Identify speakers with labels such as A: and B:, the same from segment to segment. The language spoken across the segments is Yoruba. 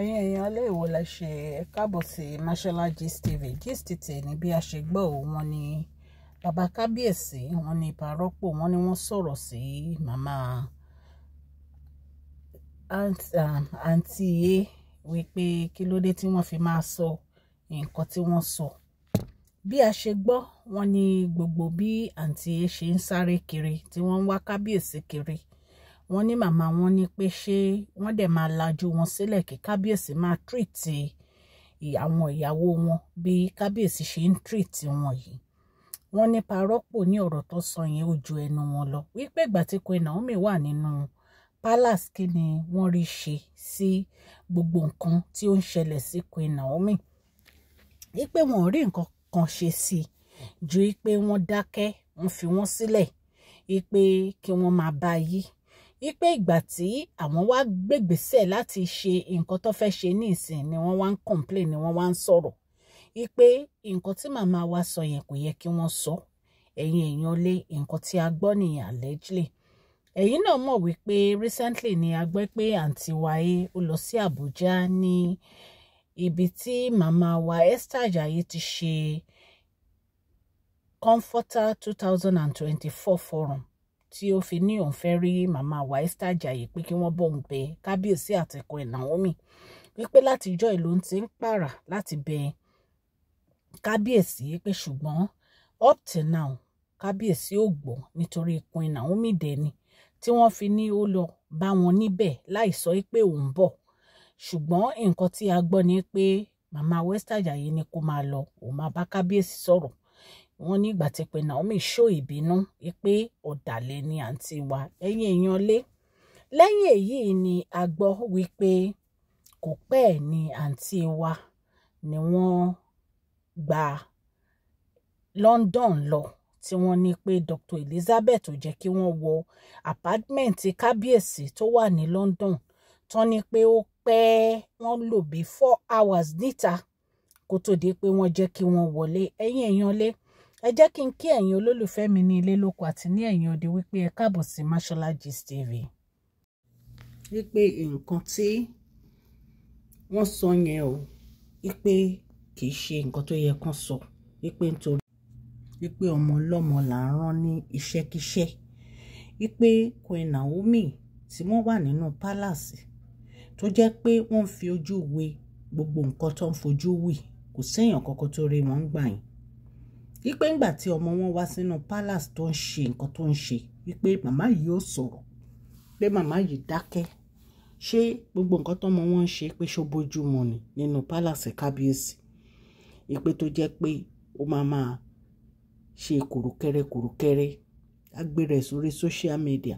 A: ẹ̀yin ẹ̀yin alẹ́ ìwò la ṣe káàbọ̀ sí Mashola Gist TV gist tè ní bí a ṣe gbọ́ ò wọ́n ní bàbá kábíyèsí wọ́n ní ìbárọ́pò wọ́n ní wọ́n sọ̀rọ̀ sí màmá àǹtí um, yé wípé kí ló dé tí wọ́n fi máa sọ nǹkan tí wọ́n sọ bí a ṣe gbọ́ wọ́n ní gbogbo bí àǹtí yé ṣe ń sáré kiri tí wọ́n ń wá kábíyèsí kiri wọ́n ní màmá wọn ní pé ṣé wọ́n dẹ̀ máa lajú wọn sílẹ̀ kí kábíyèsí máa tírìtì àwọn ìyàwó wọn bí kábíyèsí ṣe ń tírìtì wọn yìí wọ́n ní parọ́pò ní ọ̀rọ̀ tó sọ yẹn ó ju ẹnu wọn lọ wípé ìgbà tí Queen Naomi wà nínú palace kí ni wọ́n rí ṣe sí gbogbo nǹkan tí ó ń ṣẹlẹ̀ sí Queen Naomi wípé wọn ò rí nǹkan kan ṣe sí i ju wípé wọ́n dákẹ́ wọ́n fi wọ́n sílẹ̀ wípé kí wọ́n máa bá yí wípé ìgbà tí àwọn wá gbègbèsè láti ṣe nǹkan tó fẹ́ ṣe ní ìsìn ni wọ́n wá ń complain ni wọ́n wá ń sọ̀rọ̀ wípé nǹkan tí màmá wa sọ yẹn kò yẹ kí wọ́n sọ ẹ̀yin èèyàn lé nǹkan tí a gbọ́ nìyẹn allegedly ẹ̀yin náà mọ̀ wípé recently ni a gbọ́ pé àǹtí wáyé ó lọ sí Àbújá ní ibi tí màmá wa Esther Ajayi ti ṣe comforter two thousand and twenty-four forum tí ó fi ní òun fẹ́ rí màmá wa Esther Ajayi pé kí wọ́n bóun bẹ kábíyèsí àti Queen Naomi wípé látijọ́ ìlú ti ń pààrà láti bẹ kábíyèsí pé ṣùgbọ́n up till now kábíyèsí ò gbọ́ nítorí Queen Naomi dẹni tí wọ́n fi ní ó lọ bá wọn níbẹ̀ láì sọ pé òun bọ̀ ṣùgbọ́n nǹkan tí a gbọ́ ni pé màmá Esther Ajayi ni kó máa lọ òun máa bá kábíyèsí sọ̀rọ̀ wọ́n ní ìgbà tí pé Naomi ṣó ìbínú pé ọ̀dàlẹ̀ ni àǹtí wa ẹ̀yìn èèyàn lé lẹ́yìn èyí ni a gbọ́ wípé kò pẹ́ ni àǹtí wa ni wọ́n gba London lọ tí wọ́n ní pé Dr Elizabeth ò jẹ́ kí wọ́n wọ apartment kábíyèsí tó wà ní London tán ni pé ó pẹ́ wọ́n lò bí four hours níta kó tó di pé wọ́n jẹ́ kí wọ́n wọlé ẹ̀yìn èèyàn lé ẹ jẹ́ kí n kí ẹ̀yin olólùfẹ́ mi ní ilé lóko àti ní ẹ̀yìn òde wípé ẹ káàbọ̀ sí Mashola Gist TV. wípé nǹkan tí wọ́n sọ yẹn o wípé kì í ṣe nǹkan tó yẹ kán sọ wípé nítorí wípé ọmọ ọlọ́mọ là ń rán ní iṣẹ́kíṣẹ́ wípé Queen Naomi tí wọ́n wà nínú pálàsì tó jẹ́ pé wọ́n fi ojú we gbogbo nǹkan tó ń fojú wì kò séèyàn kankan tó rí wọn gbà yín wípé ńgbà tí ọmọ wọn wá sínú palace tó ń ṣe nǹkan tó ń ṣe wípé màmá yìí ò sọ̀rọ̀ pé màmá yìí dákẹ́ ṣé gbogbo nǹkan tọ́mọ wọn ń ṣe pé ṣó bójúmu ni nínú palace kábíyèsí ìpè tó jẹ́ pé ó máa máa ṣe kòrókẹ́rẹ́ kòrókẹ́rẹ́ agbèrè sórí social media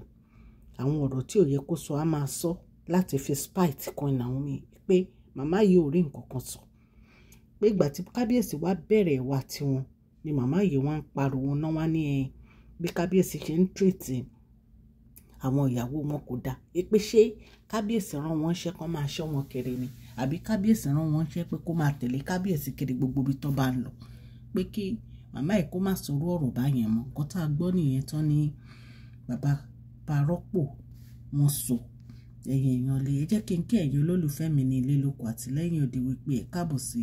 A: àwọn ọ̀rọ̀ tí ò yẹ kó sọ á máa sọ láti fi spite kan Naomi pé màmá yìí ò rí nǹkan kan sọ pé ìgbà tí kábíyèsí wá bẹ̀rẹ̀ wá tiwọn ni màmá yìí wọ́n ń pariwo náà wá ní ẹ bí kábíyèsí ṣe ń tírètì àwọn ìyàwó wọn kò dáa èpè ṣé kábíyèsí rán wọn ṣẹ́ kó máa ṣọ́ wọn kiri ni àbí kábíyèsí rán wọn ṣẹ́ pé kó máa tẹ̀lé kábíyèsí kiri gbogbo ibi tó bá ń lọ pé kí màmá yìí kó má sọ̀rọ̀ ọ̀rọ̀ báyẹn mọ́ nǹkan tá a gbọ́ nìyẹn tán ni bàbá parọ́pò wọn sọ ẹ̀yin èèyàn lè jẹ́ kí n kí ẹ̀yin olólùfẹ́ mi ní ilé lóko àtìlẹ́yìn òde wípé ẹ̀ káàbọ̀ sí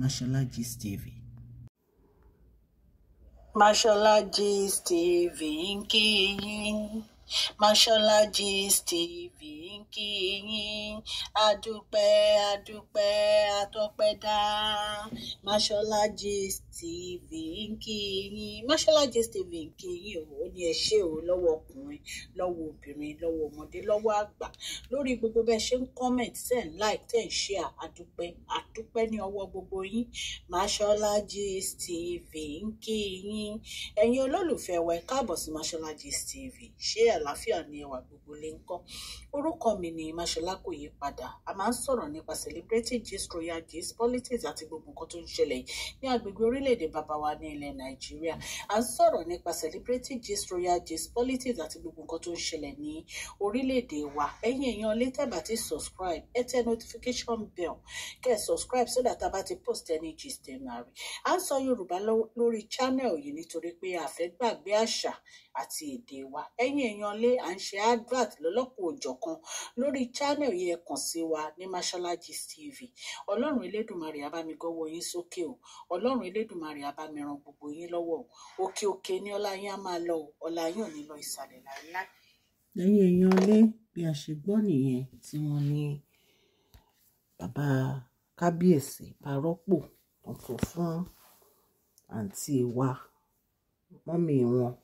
A: Mashola Gist Mashallah, G. Steve, Inky. Mashallah, Gist TV ń kí yín adúpẹ́ adúpẹ́ atọ́pẹ́dá Mashola Mashallah, TV ń kí yín Mashola TV ń kí yín o ó ní ẹ ṣé o lọ́wọ́ ọkùnrin lọ́wọ́ obìnrin lọ́wọ́ ọmọdé lọ́wọ́ àgbà lórí gbogbo bẹ́ẹ̀ ṣe ń comment ten like ten share adúpẹ́ adúpẹ́ ní ọwọ́ gbogbo yín Mashallah, Gist TV ń kí yín ẹ̀yin olólùfẹ́ wa ẹ káàbọ̀ sí Mashola TV ṣé ẹ àlàáfíà ni ẹwà gbogbo lè ń kọ́ orúkọ mi ni Máṣọlá kò yí padà a máa ń sọ̀rọ̀ nípa celebrity gist royal gist politics àti gbogbo nǹkan tó ń ṣẹlẹ̀ ní agbègbè orílẹ̀-èdè bàbá wa ní ilẹ̀ Nàìjíríà a ń sọ̀rọ̀ nípa celebrity gist royal gist politics àti gbogbo nǹkan tó ń ṣẹlẹ̀ ní orílẹ̀-èdè wa ẹ̀yin èèyàn lè tẹ́ bá subscribe ẹ tẹ notification bell kẹ́ ẹ subscribe so that a bá ti post any gist ẹ̀ máa rí à ń sọ Yorùbá lórí channel yìí nítorí pé a fẹ́ gbàgbé àṣà àti èdè wa ẹ̀yin èèyàn lé à ń ṣe advert lọ́lọ́kùn òjọ̀kan lórí channel yẹn kàn sí wa ní Mashola TV ọlọ́run elédùnmarè abamigọ́wọ́ yín sókè o ọlọ́run elédùnmarè abamiran gbogbo yín lọ́wọ́ o òkè òkè ni ọlá yín á máa lọ o ọlá yín ò ní lọ ìsàlẹ̀ láíláí. ẹ̀yin èèyàn lé bí a ṣe gbọ́ nìyẹn tí wọ́n ní bàbá kábíyèsí bá rọ́pò ọ̀tọ̀ fún àǹtí wa mọ́mì wọn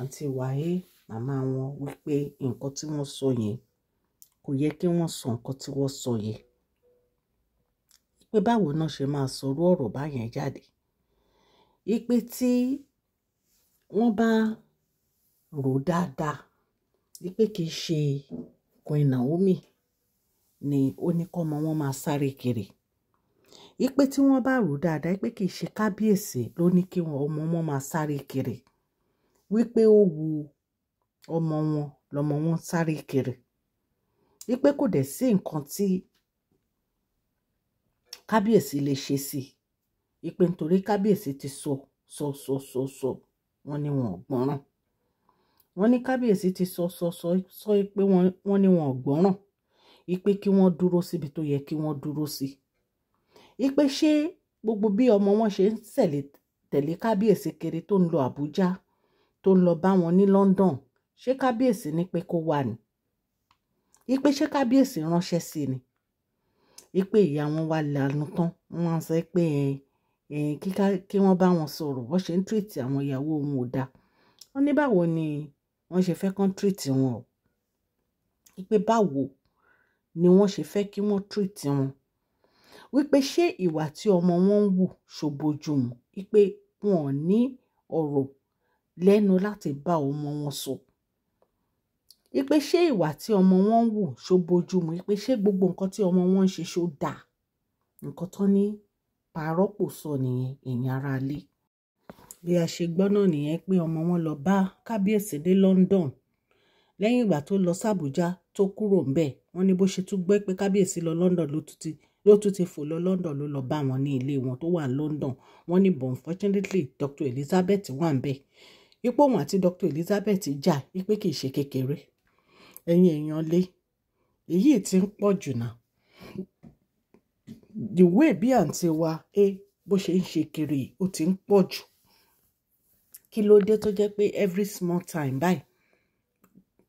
A: àǹtí wàhé màmá wọn wípé nǹkan tí wọ́n sọ yẹn kò yẹ kí wọ́n sọ nǹkan tí wọ́n sọ yẹn pé báwo náà ṣe máa sọrú ọ̀rọ̀ báyẹn jáde ipe tí wọ́n bá rò dáadáa wípé kì í ṣe Queen Naomi ni ó ní kọ́mọ wọn máa sáré kiri ipe tí wọ́n bá rò dáadáa pé kì í ṣe kábíyèsí ló ní kí ọmọ wọn máa sáré kiri wípé ó wu ọmọ wọn lọmọ wọn sáré kiri wípé kò dẹ̀ sí nǹkan tí kábíyèsí lè ṣe sí i wípé nítorí kábíyèsí ti sọ sọ sọ sọ sọ wọn ni wọn ò gbọ́ràn wọn ní kábíyèsí ti sọ sọ sọ sọ pé wọn ni wọn ò gbọ́ràn wípé kí wọ́n dúró síbi tó yẹ kí wọ́n dúró sí wípé ṣé gbogbo bí ọmọ wọn ṣe ń tẹ̀lé kábíyèsí kiri tó ń lọ Àbújá tó ń lọ bá wọn ní London ṣé kábíyèsí ní pé kó wà ní ipe ṣé kábíyèsí ránṣẹ́ sí ni ipe ìyá wọn wà lànà tán wọ́n sọ pé kí wọ́n bá wọn sọ̀rọ̀ wọ́n ṣe ń tírìtì àwọn ìyàwó òun ò dáa wọ́n ní báwo ni wọ́n ṣe fẹ́ kán tírìtì wọn o ipe báwo ni wọ́n ṣe fẹ́ kí wọ́n tírìtì wọn wípé ṣé ìwà tí ọmọ wọn ń wù ṣòbójú mu wípé wọn ní ọ̀rọ̀ lẹ́nu láti bá ọmọ wọn sọ ipe ṣé ìwà tí ọmọ wọn ń wò ṣó bójúmu ipe ṣé gbogbo nǹkan tí ọmọ wọn ń ṣe ṣó dáa nǹkan tó ní pàrọ́pò sọ nìyẹn èèyàn ara lé bí a ṣe gbọ́ náà nìyẹn pé ọmọ wọn lọ bá kábíyèsí dé London lẹ́yìn ìgbà tó lọ sàbújá tó kúrò ńbẹ̀ wọ́n ní bó ṣe tún gbọ́ pé kábíyèsí lọ London ló tún ti ló tún ti fò lọ London ló lọ bá wọn ní ilé wọn tó wà London wọ́n ní but unfortunately Dr Elizabeth wà ńbẹ̀ ipò òun àti Dr Elizabeth jà wípé kì í ṣe kékeré ẹ̀yin èèyàn lé èyí tí ń pọ̀ jù náà ìwé bí àǹtí wa ẹ bó ṣe ń ṣe kiri ó ti ń pọ̀ jù kí ló dé tó jẹ́ pé every small time báyìí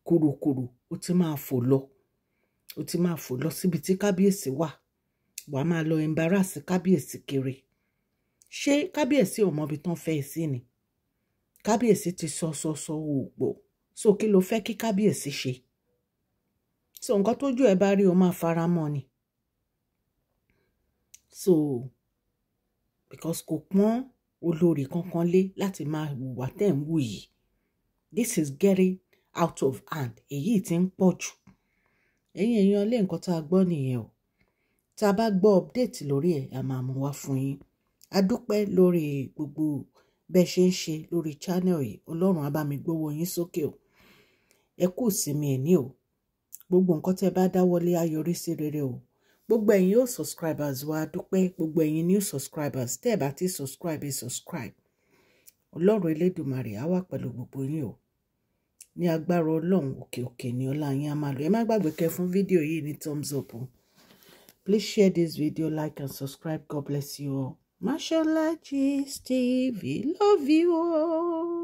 A: kùrùkùrù ó ti máa fò lọ ó ti máa fò lọ síbi tí kábíyèsí wà wàá máa lọ embarrass kábíyèsí kiri ṣé kábíyèsí ò mọbi tán fẹ́ sí ni kábíyèsí ti sọ sọ sọ ò so kí ló fẹ́ kí kábíyèsí ṣe so nǹkan tójú ẹ bá rí o máa fara mọ́ ni so because kò pọ́n olórí kankan lé láti máa hùwà tẹ̀ ń wù yìí this is getting out of hand èyí tí ń pọ̀ jù ẹ̀yin èèyàn lé nǹkan tá a gbọ́ nìyẹn o tá a bá gbọ́ update lórí ẹ̀ a máa mú wá fún yín a dúpẹ́ lórí gbogbo bẹ́ẹ̀ ṣe ń ṣe lórí channel yìí ọlọ́run á bá mi gbówó yín sókè o ẹ kú sinmi ẹ̀ní o gbogbo nǹkan tẹ́ bá dáwọ́lé á yọrí sí rere o gbogbo ẹ̀yin yóò subscribers wa dúpẹ́ gbogbo ẹ̀yin new subscribers tẹ́ ẹ̀ bá ti subscribe subscribe ọlọ́run elédùnmarè á wà pẹ̀lú gbogbo yín o ní agbára ọlọ́run òkè òkè ní ọlá yín á máa lọ ẹ má gbàgbé kẹ́ fún fídíò yìí ní thumbs up o please share this video like and subscribe god bless you all. Mashola Gist TV, love you all.